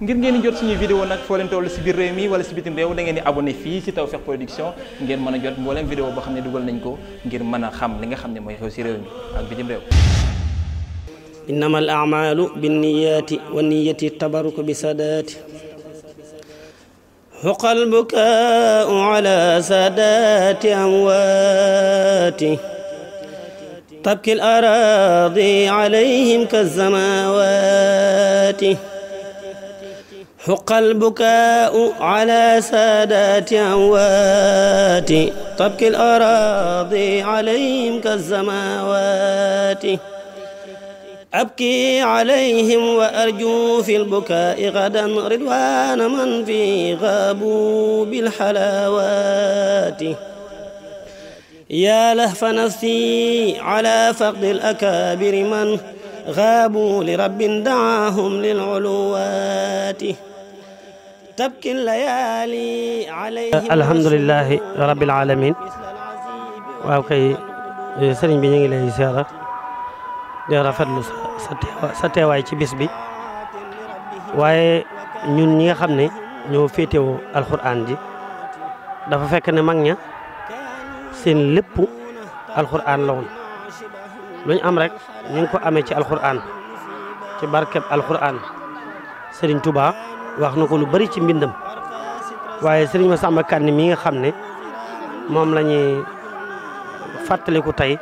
ngir ngeen di jot suñuy vidéo nag foo leen si biir réew mi wala si bitim réew da ngeen di abonné fii si Tawfekh Production ngeen mën a jot mbooleem vidéo boo xam ne dugal nañ ko ngir mën a xam li nga xam ne mooy xew si réew mi ak bitim réew innama al amalu binniyaati wa niyati tabaruku bi sadaati xuqa albukaau ala sadaati amwaati tabki al araadi alayhim kazamawaati حق البكاء على سادات أموات تبكي الأراضي عليهم كالسماوات أبكي عليهم وأرجو في البكاء غدا رضوان من في غابوا بالحلاوات يا لهف نفسي على فقد الأكابر من غابوا لرب دعاهم للعلوات تبكي الليالي عليهم الحمد لله waaw kay sëriñ bi ñu ngi lay ziara di rafetlu sa teewaay ci bis bi waaye ñun ñi nga xam ne ñoo féetewoo alxuraan ji dafa fekk ne mag ña seen lépp alxuraan la woon am rek ñu ko amee ci alxuraan ci barkeb alxuraan sëriñ Touba. wax na ko lu bari ci mbindam waaye sëriñ sàmba Kanni mi nga xam ne moom la ñuy fàttaliku tey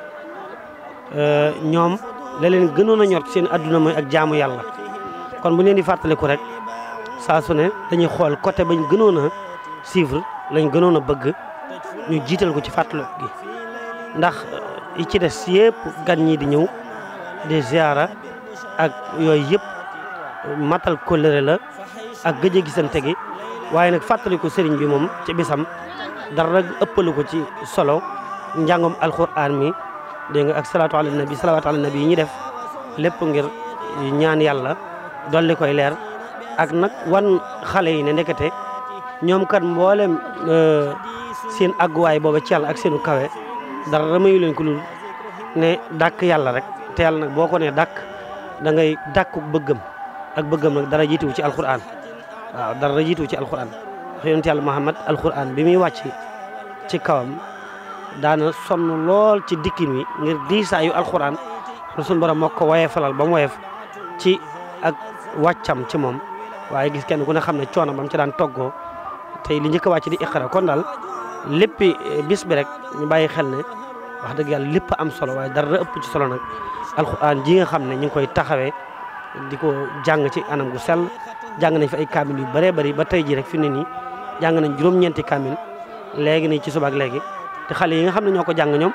euh, ñoom la leen gënoon a ñor ci seen adduna mooy ak jaamu yàlla kon bu leen di fàttaliku rek saa ne dañuy xool côté bañ gënoon a suivre lañ gënoon a bëgg ñu jiital ko ci fàttaliku gi ndax yi ci des yëpp gan ñi di ñëw di ziara ak yooyu yëpp matal kóllëre la ak gëj a gisante gi waaye nag fàttaliku sëriñ bi moom ci bisam dara ëppalu ko ci solo njàngom alquran mi dégg nga ak salaatu ala nabi salawaatu ala nabi yi ñu def lépp ngir ñaan yàlla dolli koy leer ak nag wan xale yi ne ndekete ñoom kan mboolem euh, seen àgguwaay booba ci yàlla ak seenu kawe dara mayu leen ko lul ne dàkk yàlla rek te yàlla nag boo ko ne dàkk dangay ngay bëggëm ak bëggëm nag dara jiituwu ci alquran waaw dara jiitu ci alquran ndax yonent Muhammad alquran bi muy wàcc ci kawam daana sonn lool ci dikkin wi ngir diisaayu alxuraan suñu borom moo ko woyefalal ba mu woyef ci ak wàccam ci moom waaye gis kenn ku ne xam ne coono bam ci daan toggoo tey li njëkk a wàcc di iqra kon daal léppi eh, bis bi rek ñu bàyyi xel ne wax dëgg yàlla lépp am solo waaye dara ëpp ci solo nag alquran ji nga xam ne ñu ngi koy taxawe di ko jàng ci anam gu sel jàng nañ fi ay kaamil yu bëree bëri ba tey ji rek fi ne nii jàng nañ juróom-ñeenti kaamil léegi nii ci suba ak léegi te xale yi nga xam ne ñoo ko jàng ñoom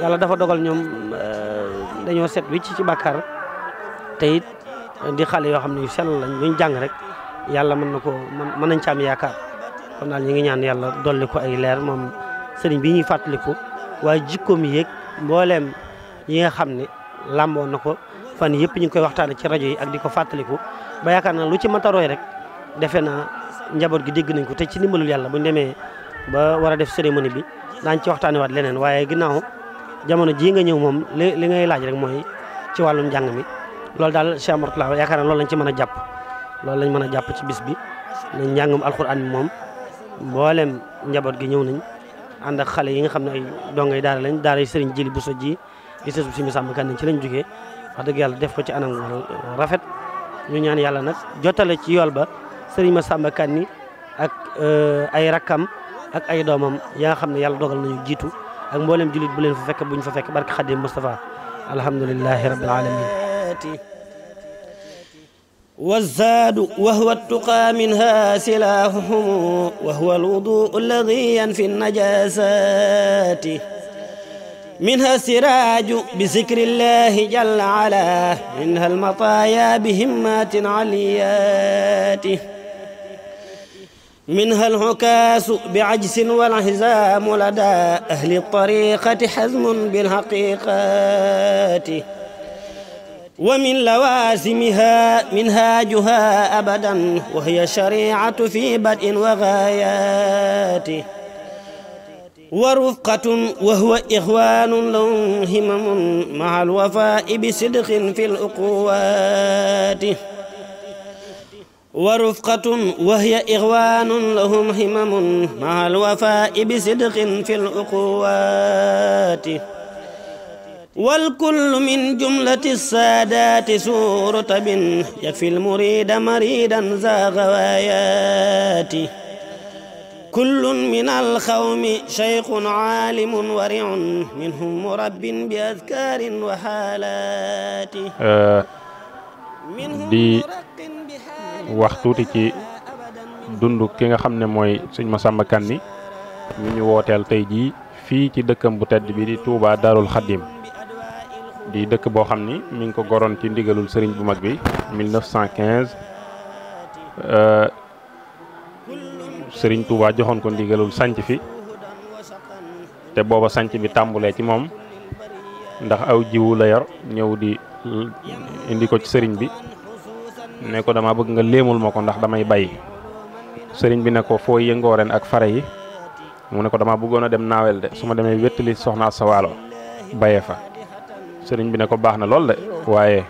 yàlla dafa dogal ñoom euh, dañoo set wicc ci bàkkaar te it di xale yoo xam ne yu sell lañ jàng rek yàlla mën na ko mën nañ ci am yaakaar kon daal ñu ngi ñaan yàlla dolli ko ay leer moom sëriñ bi ñuy fàttaliku waaye jikkoom yéeg mbooleem yi nga xam ne làmboo na ko fan yëpp ñu ngi koy waxtaane ci rajo yi ak di ko fàttaliku ba yaakaar naa lu ci mënta roy rek defe na njaboot gi dégg nañ ko te ci ndimbalul yàlla bu ñu demee ba war a def cérémonie bi daañ ci waxtaanewaat leneen waaye ginnaaw jamono ji nga ñëw moom li li ngay laaj rek mooy ci wàllum njàng mi loolu daal Cheikh Mourtala yaakaar naa loolu lañ ci mën a jàpp lool lañ mën a jàpp ci bis bi nañ njàngum alxuraan mi moom mboolem njaboot gi ñëw nañ ànd a xale yi nga xam ne ay dongay daara lañ daara yi sëriñ jili bu so ji di sësu si mi sàmm kan ci lañ jógee wax dëgg yàlla def ko ci anam rafet ñu ñaan yàlla nag jotale ci yool ba sëriñ Massamba Kanni ak euh, ay rakkam ak ay doomam yaa nga xam ne yàlla dogal nañu jiitu ak mboolem jullit bu leen fa fekk buñ fa fekk barke Xadim Moustapha alhamdulilahi rabbil alamin والزاد وهو التقى منها سلاحهم وهو الوضوء الذي ينفي النجاسات منها السراج بذكر الله جل علاه منها المطايا بهمات عليات منها العكاس بعجز والعزام لدى أهل الطريقة حزم بالحقيقات ومن لوازمها منهاجها أبدا وهي شريعة في بدء وغاياته ورفقة وهو إخوان لهم همم مع الوفاء بصدق في الأقوات ورفقة وهي إخوان لهم همم مع الوفاء بصدق في الأقوات والكل من جملة السادات سورة يكفي المريد مريدا ذا غواياته kullun min alxawmi cheikhun aalimun wariun minhum murabbin bi adkaarin wa di wax tuuti ci dund ki nga xam ne mooy sëñ Masamba Kanni mi ñu wooteel tey jii fii ci dëkkam bu tedd bi di Touba Darul Xadim di dëkk boo xam ni mi ngi ko goroon ci ndigalul sëriñ bu mag bi 1915 sëriñ Touba joxoon ko ndigalul sanc fi te booba sanc bi tàmbulee ci moom ndax aw jiwu la yor ñëw di indi ko ci sëriñ bi ne ko dama bëgg nga léemul ma ko ndax damay bay sëriñ bi ne ko foo yëngooren ak fare yi mu ne ko dama bëggoon a dem naawel de su ma demee wéttali soxnaa sa waalo baye fa sëriñ bi ne ko baax na lool de waaye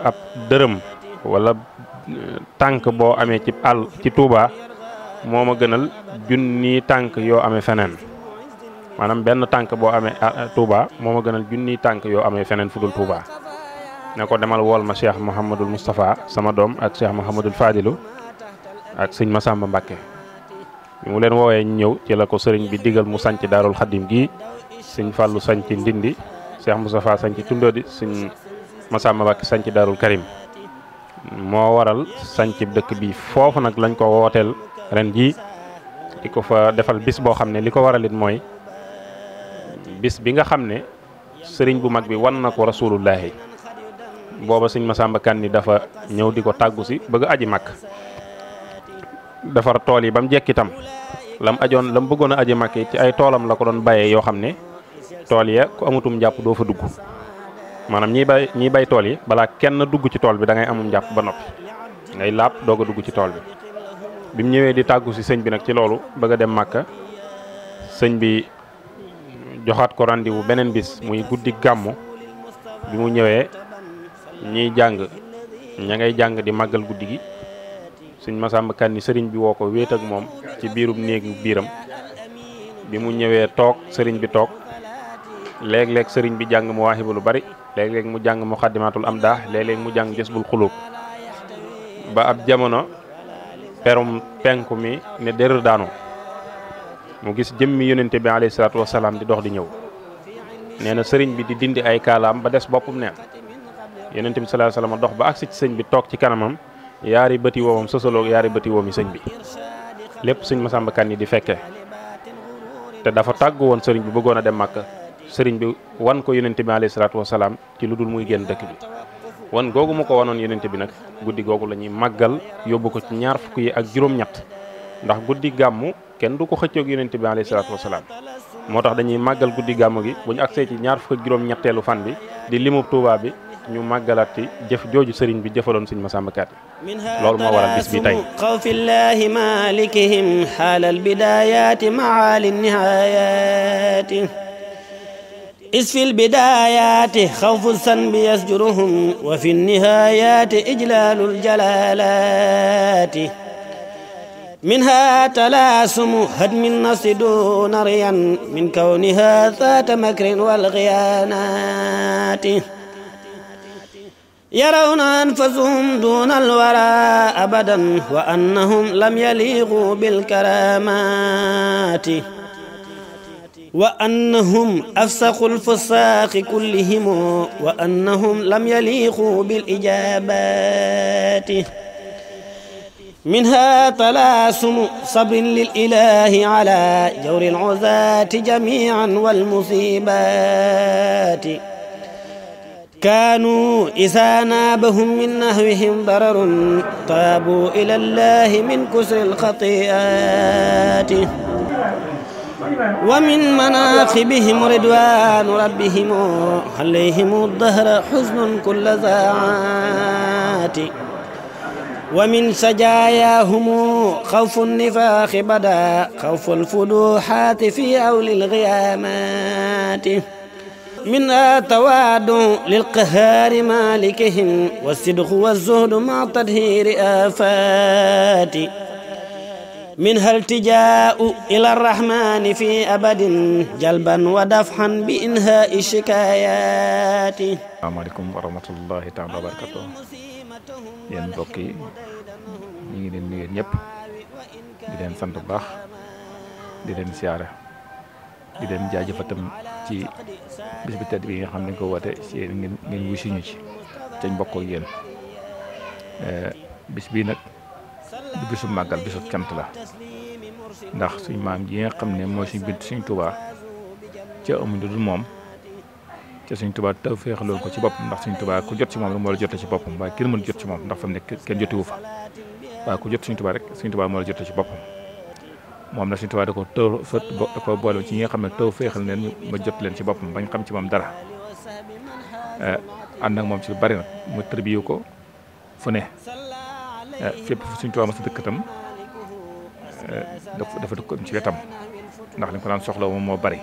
ab dërëm wala tànk boo amee ci àll ci Touba moo ma gënal junni tànk yoo amee feneen maanaam benn tànk boo amee Touba moo ma gënal junni tànk yoo amee feneen fu dul Touba. ne ko demal wool ma Cheikh Mouhamadul Moustapha sama doom ak Cheikh Mouhamadul Fadilu ak sëñ Massamba Mbacke mu leen woowee ñëw ci la ko sëriñ bi digal mu sanc daarul xaddim gii sëñ Fallou sanc Ndindi Cheikh Moustapha sanc Tundodi sëñ Massamba Mbacke sanc daarul Karim. moo waral sanc dëkk bi foofu nag lañ ko wooteel ren jii di ko fa defal bis boo xam ne li ko waralit mooy bis bi nga xam ne sëriñ bu mag bi wan na ko rasulullahi booba sëñ Masamba Kanni dafa ñëw di ko tàggu si bëgg aji mag defar tool yi ba mu jekk itam lam ajoon lam bëggoon a aji mag yi ci ay toolam la ko doon bàyyee yoo xam ne tool ya ku amutum jàpp doo fa dugg maanaam ñii bay ñiy bay tool yi balaa kenn dugg ci tool bi da amum jàpp ba noppi ngay laab doog a dugg ci tool bi bi mu ñëwee di tàggu si sëñ bi nag ci loolu bëgg dem màkka sëñ bi joxaat ko rendez beneen bis muy guddi gàmmu bi mu ñëwee ñiy jàng ña ngay jàng di màggal guddi gi sëñ Masamba Kanni sëriñ bi woo ko wéet ak moom ci biirum néegu biiram bi mu ñëwee toog sëriñ bi toog léeg-léeg sëriñ bi jàng mu waaxibu lu bari léeg-léeg mu jàng mu xaddimatul am daax léeg-léeg mu jàng jës bul xulóob ba ab jamono perum penku mi ne dër daanu mu gis jëmmi yonente bi alayhi salaatu wasalaam di dox di ñëw nee na sëriñ bi di dindi ay kaalaam ba des boppum neen yonente bi sallallahu alayhi wasallam dox ba agsi sëñ bi toog ci kanamam yaari bëti woomam sosaloog yaari bëti woomi sëñ bi lépp sëñ Masamba Kan yi di fekke te dafa tàggu woon sëriñ bi bëggoon a dem Màkka sëriñ bi wan ko yonent bi alayhi salaatu wasalaam ci lu dul muy génn dëkk bi wan googu mu ko wanoon yonent bi nag guddi googu la màggal yóbbu ko ci ñaar fukk yi ak juróom-ñett ndax guddi gàmmu kenn du ko xëccoog yonent bi alayhi salaatu wasalaam moo tax dañuy màggal guddi gàmmu gi bu ñu agsee ci ñaar fukk ak juróom-ñetteelu fan bi di limub Tuubaa bi ñu màggalaat ci jëf jooju sëriñ bi jëfaloon suñ Masamba Kanni loolu moo waral bis bi tey qaw fi llahi malikihim xaalal is fi lbidayaati xawfu sanbi yasjuruhum wa fi nnihayaati ijlaalul jalaalaati minha talaasumu hadmin nafsi duuna riyan min kawniha zaata makrin wal xiyaanaati yarawna anfasuhum duuna alwara abadan wa annahum lam yaliiqu bilkaraamaati wa annahum afsaqul fusaaqi kullihim wa annahum lam yaliqu bil ijaabati minha talaasumu sabrin lil ilaahi ala jawril uzaati jamiican wal musiibaati kaanu izaa naabahum min nahwihim dararun taabuu ilallaahi min kusril xatii'aati ومن مناقبهم رضوان ربهم عليهم الدهر حزن كل ذاعات ومن سجاياهم خوف النفاق بدا خوف الفلوحات في أولي الغيامات منها تواد للقهار مالكهم والصدق والزهد مع تدهير آفات min hal tijaau ila rahmani fi abadin jalban wa dafhan bi inhaai shikayati asalaamaaleykum wa rahmatullahi taala wa barakatu yéen mbokk yi ñu ngi leen nuyu ñëpp di leen sant bu baax di leen siyaare di leen jaajëfa tam ci bis bi tedd bi nga xam ne ko woote ci yéen ngeen ngeen wuy siñu ci te mbokk ak yéen eh, bis bii nag du bisub màggal bisub cant la ndax suñ maam yi nga xam ne mooy suñ bint suñ tubaa ca amuñ lu dul moom ca suñ tubaa taw féexaloon ko ci boppam ndax suñ tubaa ku jot ci moom moo la jotee ci boppam waaye kenn mënul jot moom ndax fa mu nekk kenn jotiwu fa waaye ku jot suñ tubaa rek suñ tubaa moo la jotee ci boppam moom nag suñ tubaa da ko taw fa da ko boole ci ñi nga xam ne taw féexal leen ma jot leen ci boppam bañ xam ci moom dara eh, ànd nag moom ci bari nag mu tërbiyu ko fu ne fépp fu suñ tubaab ma sa dëkk itam dafa dëkkoon ci wetam ndax li ko daan soxla moom moo bari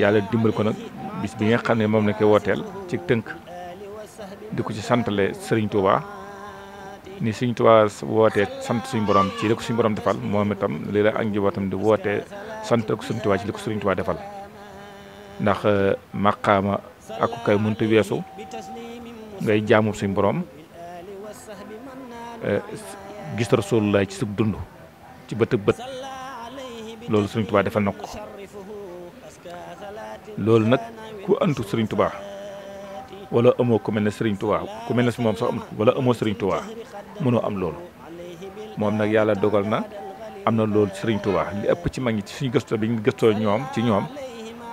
yàlla dimbal ko nag bis bi nga xam ne moom la koy wooteel ci tënk di ko ci santale sëriñ Touba ni sëriñ Touba wootee sant suñ borom ci li ko suñ borom defal moom itam lii la ak njabootam di wootee sant ko suñ Touba ci li ko sëriñ Touba defal ndax maqaama ak kay mënta weesu ngay jaamu suñ boroom gis rasulullah ci sug dund ci bët bët loolu sëriñ tubaa defal na ko loolu nag ku antu sëriñ tubaa wala amoo ku mel ne sëriñ tubaa ku mel ne si moom sax amut wala amoo sëriñ tubaa mënoo am loolu moom nag yàlla dogal na am na loolu sëriñ tubaa li ëpp ci mag ñi ci suñu gëstoo bi ñu gëstoo ñoom ci ñoom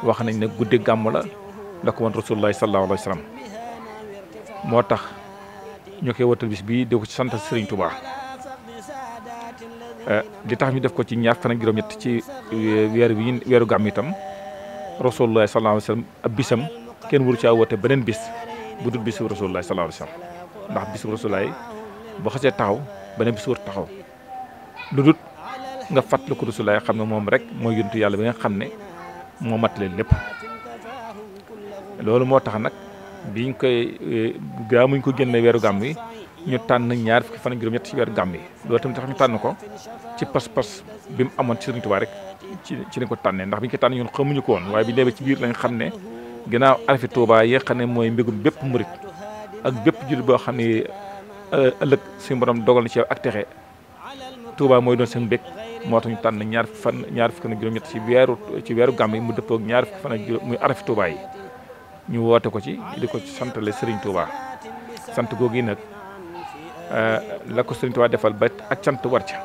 wax nañ ne guddi gàmm la la ko woon rasulullah sallallahu alayhi wa moo tax ñoo koy watal bis bii di ko ci sant Serigne Touba eh, li tax ñu def ko ci ñaar fan juróom-ñett ci eh, weer wi weeru gàmm itam rasulullah sallallahu alayhi wa sallam ab bisam kenn waru caa woote beneen bis bu dul bisu rasulullah sallallahu alayhi wa ndax bisu rasulullah boo xasee taxaw beneen bisu war taxaw lu dul nga fàttali ko rasulullah xam ne moom rek mooy yonentu yàlla bi nga xam ne moo mat leen lépp loolu moo tax nag. biñ koy e, gaa muñ ko génne weeru gàmm yi ñu tànn ñaar fukki fan ak juróom-ñett ci weeru gàmm yi loolu tamit tax ñu tànn ko ci pas-pas bi mu amoon ci Sëriñ Tuubaa rek ci ci ko tànnee ndax biñ ko tànn ñun xamuñu ko woon waaye biñ demee biir lañ xam ne ginnaaw arafi Tuubaa yi xam ne mooy mbégum bépp murit ak bépp jullit boo xam ne e, ëllëg suñu borom dogal na ci yow ak texe Tuubaa mooy doon seen mbég moo tànn ñaar fan ñaar fukki fan ak juróom-ñett ci weeru ci gàmm yi mu dëppoo ñaar fukki fan ak muy arafi Tuubaa yi ñu woote ko ci di ko santale sëriñ Touba sant googu nag euh, la ko Serigne Touba defal ba ak cant war ca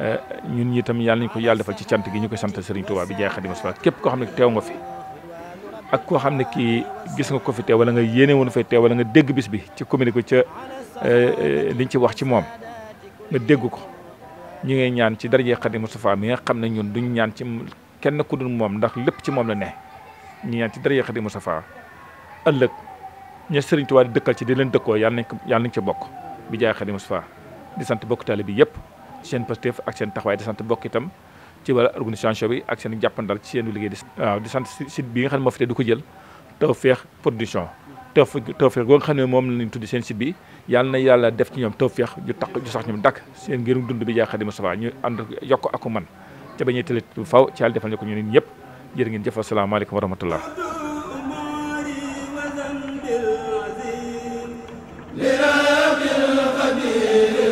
euh, ñun ñi tam yàlla nañu ko yàlla defal ci sant gi ñu koy sant Serigne Touba bi jaay Xaadimu Rasuul képp koo xam ne teew nga fi ak koo xam ne kii gis nga ko fi teew wala nga yéene woon fay teew wala nga dégg bis bi ci commune ko ca euh, liñ ci wax ci moom nga dégg ko ñu ngi ñaan ci darajee Xaadimu Rasuul mi nga xam ne ñun duñ ñaan ci kenn ku dul moom ndax lépp ci moom la ne. ñu ñaan ci dara ya Xaadimu Mustafaa ëllëg ña Sëriñ Tuubaa di dëkkal ci di leen dëkkoo yàlla nañ ko yàlla nañ ci bokk bi jaay Xaadimu Mustafaa di sant bokk taalibe bi yëpp seen positif ak seen taxawaay di sant bokk itam ci wàllu organisation bi ak seen jàppandal ci seen liggéey di. sant site bi nga xam ne moo te du ko jël Tawfekh Production Tawfekh Tawfekh boo nga xam ne moom lañ tuddi seen site bi yàlla na yàlla def ci ñoom Tawfekh ju tax ju sax ñoom dakk seen ngirum dund bi jaay Xaadimu Mustafaa ñu ànd yokk ak man ca bañ a tële faw ci yàlla defal ñu ko ñun ñëpp jërë ngeen jëf asalaamaaleykum wa rahmatullah li rabbil xabiir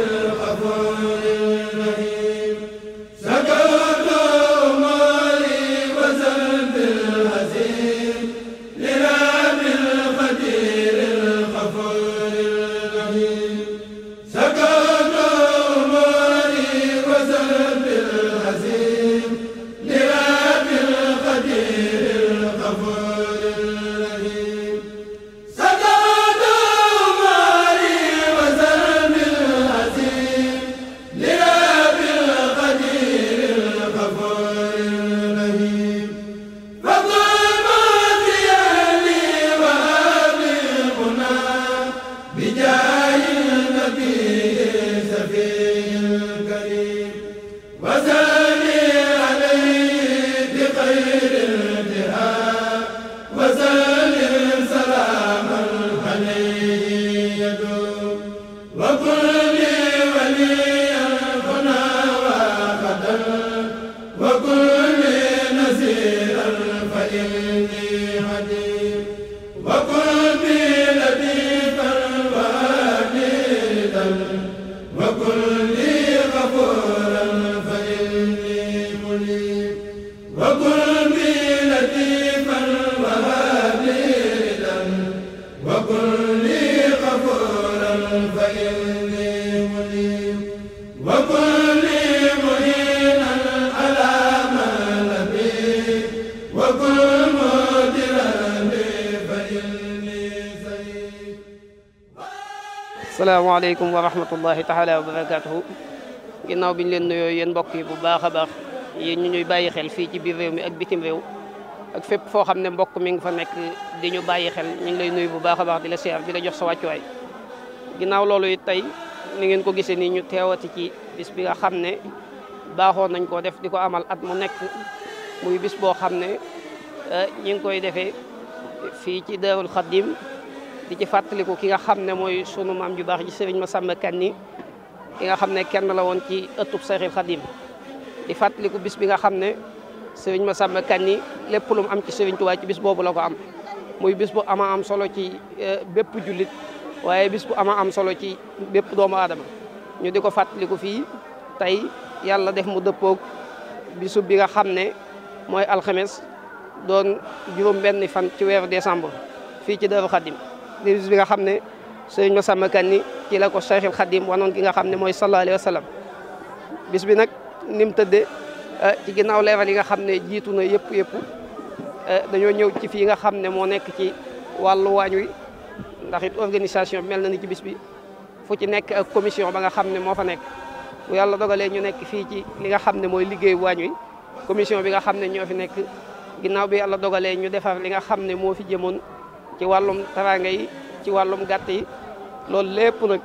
asalaamaaleykum wa rahmatullahi taala wa barakatuhu ginnaaw bi ñu leen nuyoo yéen mbokk yi bu baax a baax yéen ñu ñuy bàyyi xel fii ci biir réew mi ak bitim réew ak fépp foo xam ne mbokk mi ngi fa nekk di ñu bàyyi xel ñu ngi lay nuyu bu baax a baax di la siyaar di la jox sa way ginnaaw loolu it tey ni ngeen ko gisee nii ñu teewati ci bis bi nga xam ne baaxoon nañ koo def di ko amal at mu nekk muy bis boo xam ne eh, ñi ngi koy defee fii ci Daarul Xaddim di ci fàttaliku ki nga xam ne mooy sunu maam ju baax ji Serigne Massamba Kanni ki nga xam ne kenn la woon ci ëttub Seexul Xadim di fàttaliku bis bi nga xam ne Serigne Massamba Kanni lépp lum am ci Serigne Touba ci bis boobu la ko am mooy bis bu ama am solo ci eh, bépp jullit waaye bis bu ama am solo ci bépp doomu aadama ñu di ko fàttaliku fii tey yàlla def mu dëppoog bisu bi nga xam ne mooy alxames doon juróom benn fan ci weeru décembre fii ci Daaru Xadim di bis bi nga xam ne sëriñ Massamba Kanni ci la ko Cheikhul Khadim wanoon ki nga xam ne mooy sallallahu alayhi wa bis bi nag ni mu eh, ci ginnaaw leeral yi nga xam ne jiitu na yëpp yëpp eh, dañoo ñëw ci fii nga xam ne moo nekk ci wàllu waañ wi ndax it organisation bi mel na ci bis bi fu ci nekk ak commission ba nga xam ne moo fa nekk bu yàlla dogalee ñu nekk fii ci li nga xam ne mooy liggéey waañ wi commission bi nga xam ne ñoo fi nekk ginnaaw bi yàlla dogalee ñu defar li nga xam ne moo fi jëmoon ci wàllum teraanga yi ci wàllum gàtt yi loolu lépp nag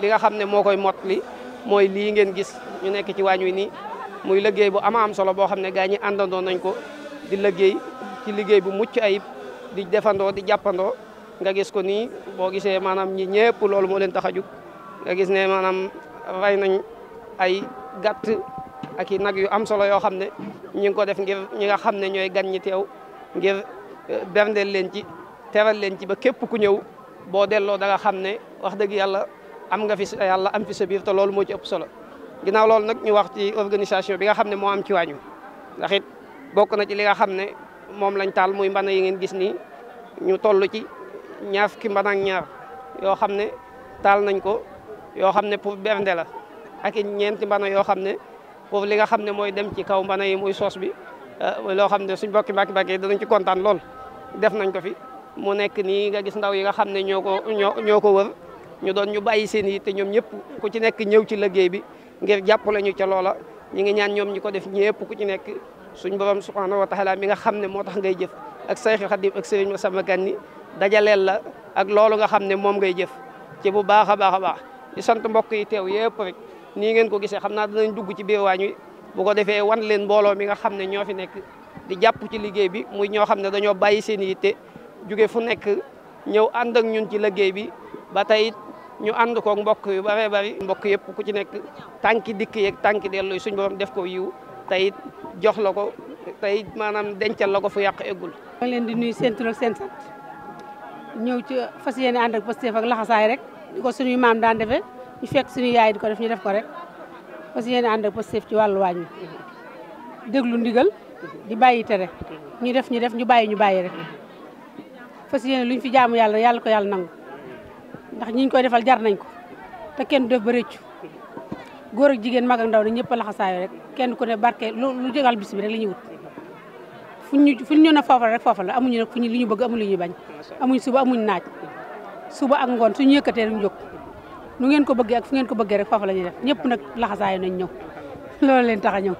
li nga xam ne moo koy mot li mooy lii ngeen gis ñu nekk ci waañ wi nii muy liggéey bu ama am solo boo xam ne gaa ñi àndandoo nañ ko di liggéey ci liggéey bu mucc ayib di defandoo di jàppandoo nga gis ko nii boo gisee maanaam ñi ñëpp loolu moo leen tax jug nga gis ne maanaam rey nañ ay gàtt ak nag yu am solo yoo xam ne ñu ngi ko def ngir ñi nga xam ne ñooy gan ñi teew ngir eh, berndeel leen ci teral leen ci ba képp ku ñëw boo delloo da nga xam ne wax dëgg yàlla am nga fi sa yàlla am fi loolu moo ci ëpp solo ginnaaw loolu nag ñu wax ci organisation bi nga xam ne moo am ci waañu ndax it bokk na ci li nga xam ne moom lañ taal muy mbana yi ngeen gis nii ñu toll ci ñaar ki mbana ñaar yoo xam ne taal nañ ko yoo xam ne pour bernde la ak ñeenti mbana yoo xam ne pour li nga xam ne mooy dem ci kaw mbana yi muy soos bi eh, loo xam ne suñ bokki mbàkki mbàkki danañ ci kontaan lool def nañ ko fi mu nekk nii nga gis ndaw yi nga xam ne ñoo ko ñoo ñoo ko wër ñu doon ñu bàyyi seen yi te ñoom ñëpp ku ci nekk ñëw ci liggéey bi ngir jàppale ñu ca loola ñu ngi ñaan ñoom ñu ko def ñëpp ku ci nekk suñ borom subhanahu wa taala mi nga xam ne moo tax ngay jëf ak Seex Xadim ak Sëriñ Masamba Kanni dajaleel la ak loolu nga xam ne moom ngay jëf ci bu baax a baax a baax di sant mbokk yi teew yëpp rek nii ngeen ko gisee xam naa dinañ dugg ci biir waañ wi bu ko defee wan leen mbooloo mi nga xam ne ñoo fi nekk di jàpp ci liggéey bi muy ñoo xam ne dañoo bàyyi seen yitte jóge fu nekk ñëw ànd ak ñun ci liggéey bi ba tey ñu ànd koog mbokk yu bëree bari mbokk yëpp ku ci nekk tànki dikk yeeg tànki dellu suñ borom def ko yiw tey it jox la ko tey maanaam dencal la ko fu yàq eggul. maa ngi leen di nuyu seen tur ak seen sant ñëw ci fas yéene ànd ak Pastef ak laxasaay rek di ko suñuy maam daan defee ñu fekk suñu yaay di ko def ñu def ko rek fas yéene ànd ak Pastef ci wàllu waañ déglu ndigal di bàyyi tere def ñu def ñu bàyyi ñu bàyyi rek. fas yéene luñ fi jaamu yàlla yàlla ko yàlla nangu ndax ñiñ koy defal jar nañ ko te kenn du def ba rëccu góor ak jigéen mag ak ndaw ne ñëpp a laxasaayo rek kenn ku ne barke lu lu jégal bis bi rek la ñuy wut fu ñu fu ñu ne foofa foofa la amuñu nag fu ñu li ñu bëgg amuñu li ñuy bañ amuñ suba amuñ naaj suba ak ngoon suñu yëkkatee rek ñu jóg nu ngeen ko bëggee ak fu ngeen ko bëggee rek foofa la ñuy def ñëpp nag laxasaayo nañ ñëw loolu leen tax a ñëw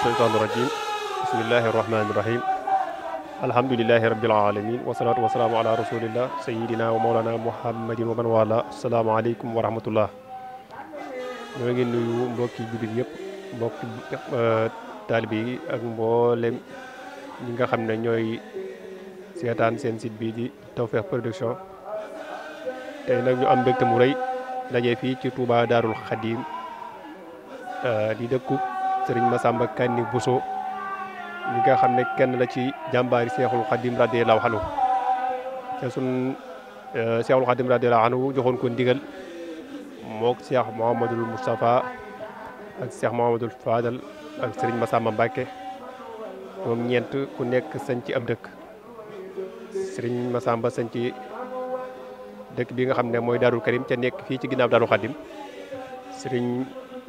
الشيطان الرجيم بسم الله الرحمن الرحيم الحمد لله رب العالمين والصلاة والسلام على رسول الله سيدنا ومولانا محمد ومن والاه السلام ñoo ngi nuyu mbokki jullit yëpp mbokki euh, taalibe ak mboolem ñi nga xam ne ñooy seetaan seen site bii di Tawfekh Production tey nag ñu am mbégte mu rëy daje fii ci Touba Daarul Xadim euh, di dëkku sëriñ Massamba Kanni Bousso ñi nga xam ne kenn la ci jàmbaari Seexul Xadim radiyallahu anhu te sun e, Seexul joxoon ko ndigal mook Seex Muhammadul Moustapha ak Seex Muhammadul Fadal ak sëriñ Massamba Mbacke moom ñeent ku nekk sañ ci ab dëkk sëriñ masamba sañ dëkk bi nga xam ne mooy Daarul Karim ca nekk fii ci ginnaaw Daarul Xadim sëriñ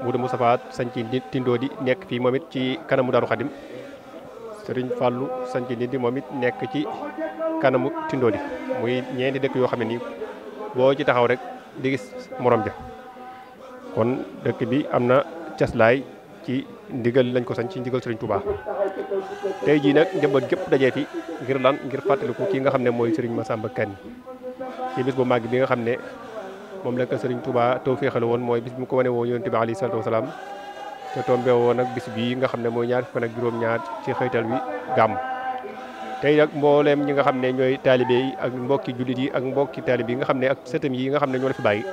Moudou Moustapha sanc tindoo di nekk fii moom it ci kanamu Daaru Xadim Serigne Fallou sanc Ndindi moom it nekk ci kanamu tindoo di muy ñeenti dëkk yoo xam ne nii boo ci taxaw rek di gis morom ja kon dëkk bi am na caslaay ci ndigal lañ ko sañ ci ndigal Serigne Touba tey jii nag njaboot gépp dajee fi ngir lan ngir fàttaliku kii nga xam ne mooy Serigne Massamba Kanni ci bis bu màgg bi nga xam ne moom la ko Serigne Touba tawféexal woon mooy bis bi mu ko wane woo ñoo bi alayhi salaatu wasalaam te tombe woon ak bis bi nga xam ne mooy ñaar fan ak juróom xëytal wi gàmm tey nag mbooleem ñi nga xam ne ñooy taalibe ak mbokki jullit yi ak mbokki taalibe yi nga xam ne ak sëtam yi nga xam ne ñoo la fi bàyyi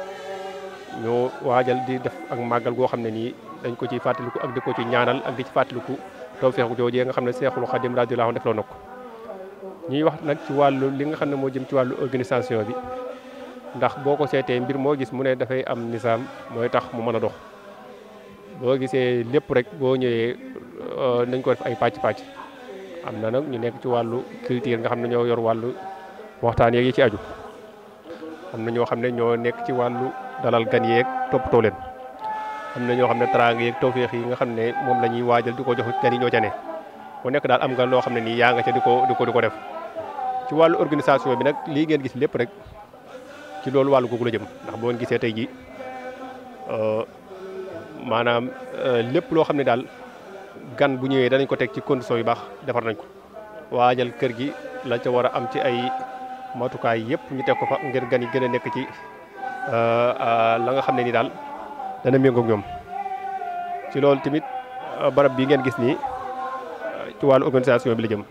ñoo waajal di def ak màggal goo xam ne nii dañ ko ci fàttaliku ak di ko ci ñaanal ak di ci fàttaliku tawféexu joojee nga xam ne Seexul Xadim radiyallaahu anhu def la nokk ñuy wax nag ci wàllu li nga xam ne moo jëm ci wàllu organisation bi ndax boo ko seetee mbir moo gis mu ne dafay am nisaam mooy tax mu mën a dox boo gisee lépp rek boo ñëwee euh, nañ ko def ay pàcc pàcc am na nag ñu nekk ci wàllu culture nga xam ne ñoo yor wàllu waxtaan yeeg yi ci aju am na ñoo xam ne ñoo nekk ci wàllu dalal gan yeeg toppatoo leen am na ñoo xam ne teraanga yeeg tawféex yi nga xam ne moom la ñuy waajal di ko jox gan yi ñoo ca ne ku nekk daal am nga loo xam ne nii yaa nga ca di ko di ko di ko def ci wàllu organisation bi nag lii ngeen gis lépp rek ci loolu wàllu googu la jëm ndax boo gisee tey ji euh, maanaam euh, lépp loo xam ne daal gan bu ñëwee danañ ko teg ci condition yu baax defar nañ ko waajal kër gi la ca war a am ci ay matukaay yëpp ñu teg ko fa ngir gan yi gën a nekk ci euh, la nga xam ne ni daal dana méngoog ñoom ci loolu tamit barab bi ngeen gis nii ci wàllu organisation bi la jëm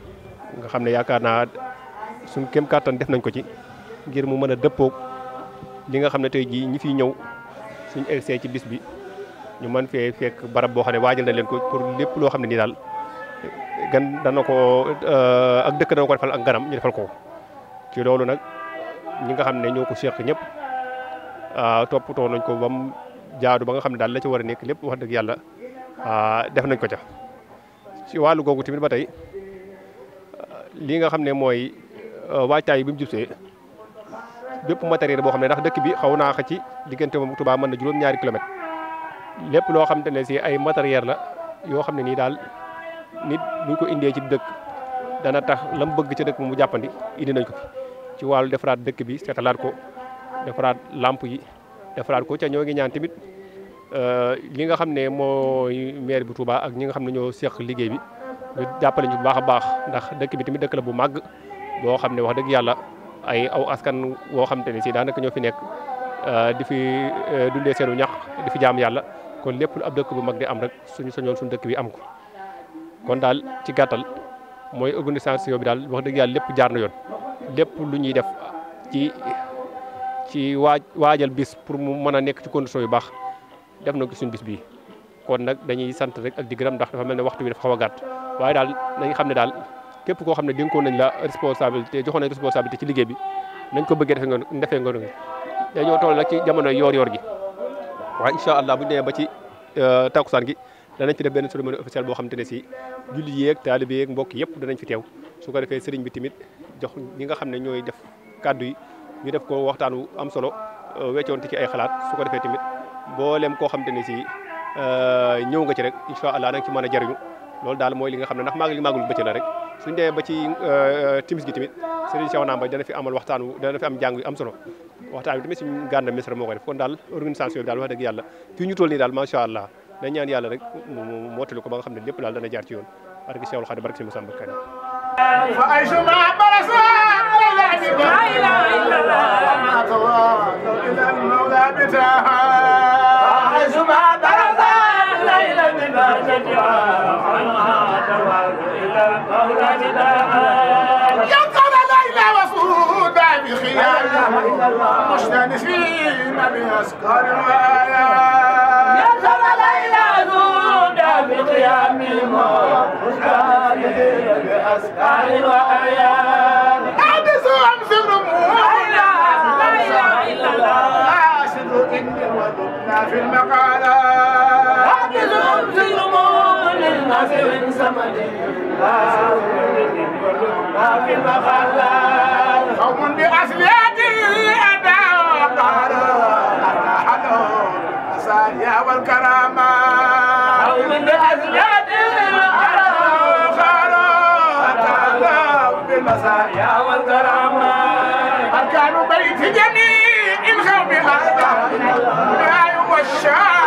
nga xam ne yaakaar naa suñ kéem kàttan def nañ ko ci ngir mu mën a dëppoog li nga xam ne tey jii ñi fiy ñëw suñu egsee ci bis bi ñu mën fee fekk barab boo xam ne waajal na leen ko pour lépp loo xam ne nii daal gan dana ko euh, ak dëkk dana ko defal ak ganam ñu defal ko ci loolu nag ñi nga xam ne ñoo ko seq ñëpp euh, toppatoo nañ ko ba mu jaadu ba nga xam ne daal la ci war a nekk lépp wax dëgg yàlla euh, def nañ ko ca ci wàllu googu tamit ba tey li nga xam ne mooy waajtaay bi mu jubsee bépp matériel boo xam ne ndax dëkk bi xaw naa xëcc diggante moom Touba mën na juróom-ñaari kilomètre lépp loo xamante ne si ay matériel la yoo xam ne nii daal nit buñ ko indee ci dëkk dana tax lam bëgg ca dëkk mu jàppandi indi nañ ko fi ci wàllu defaraat dëkk bi seetalaat ko defaraat lamp yi defaraat ko ca ñoo ngi ñaan tamit li euh, nga xam ne mooy maire bu Touba ak ñi nga xam ne ñoo seq liggéey bi ñu jàppale bu baax a baax ndax dëkk bi tamit dëkk la bu màgg boo xam ne wax dëgg yàlla ay aw askan woo xam ne si daanaka ñoo fi nekk euh, di fi euh, dundee seenu ñax di fi jaam yàlla kon lépp lu ab dëkk bu mag di am rek suñu sañoon suñ dëkk bi am ko kon daal ci gàttal mooy organisation bi daal wax dëgg yàlla lépp jaar na yoon lépp lu ñuy def ci ci waaj waajal bis pour mu mën a nekk ci condition yu baax def na ko suñu bis bii kon nag dañuy sant rek ak di gërëm ndax dafa mel ne waxtu bi dafa xaw a gàtt waaye daal nañ xam ne daal képp koo xam ne dénkoon nañ la responsabilité joxoon nañ responsabilité ci liggéey bi nañ ko bëggee defee nga defee nga noonu dañoo toll nag ci jamono yoor-yoor gi waaye incha allah bu ñu ba ci euh, takkusaan gi danañ ci def benn cérémonie officielle boo xamante ne si jullit yeeg taalibe yeeg mbokk yëpp danañ fi teew su ko defee sëriñ bi tamit jox ñi nga xam ne ñooy def kàddu yi ñu def ko waxtaanu am solo euh, weccoonte ci ay xalaat su ko defee tamit mboolem koo xamante ne si euh, ñëw nga ci rek incha allah da nga ci mën a jariñu loolu daal mooy li nga xam ne ndax maagal gi màggalu ci la rek suñ demee ba ci euh, euh, timis gi tamit Serigne Cheikh Namba dana fi amal waxtaan dana fi am jàng yu am solo waxtaan bi tamit suñ gànda ministre moo daal organisation bi daal wax dëgg yàlla fii ñu toll nii daal macha allah dañ ñaan yàlla rek mu mottali ko ba nga xam ne lépp daal dana jaar ci yoon barke Cheikhul Khadim barke Serigne Moussa Mbacké Kane مستنسين بأسكار الآيات يا ترى ليلى نودى بقيام مستنسين بأسكار الآيات حدث أمس الرموز لا إله إلا الله أشد إني ودنا في المقالات قوم بأسلحتي أداء وقهر أتحلوا أساليا والكرامة قوم بأسلحتي أداء وقهر أتحلوا بالمساليا والكرامة أركان بيت جميع الخوف أهدى لا يوشى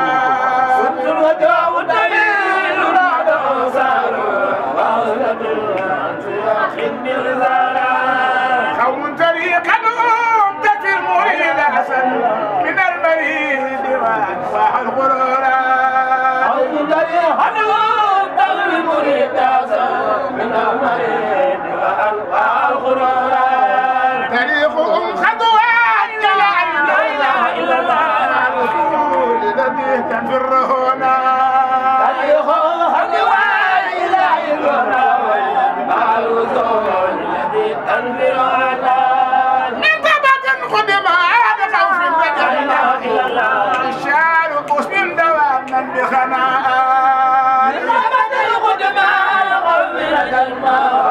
بك برهنا تنزل على نقبة خدم هذا خوف بدنا الشعر قسم دواما بخناء نقبة خدم هذا خوف بدنا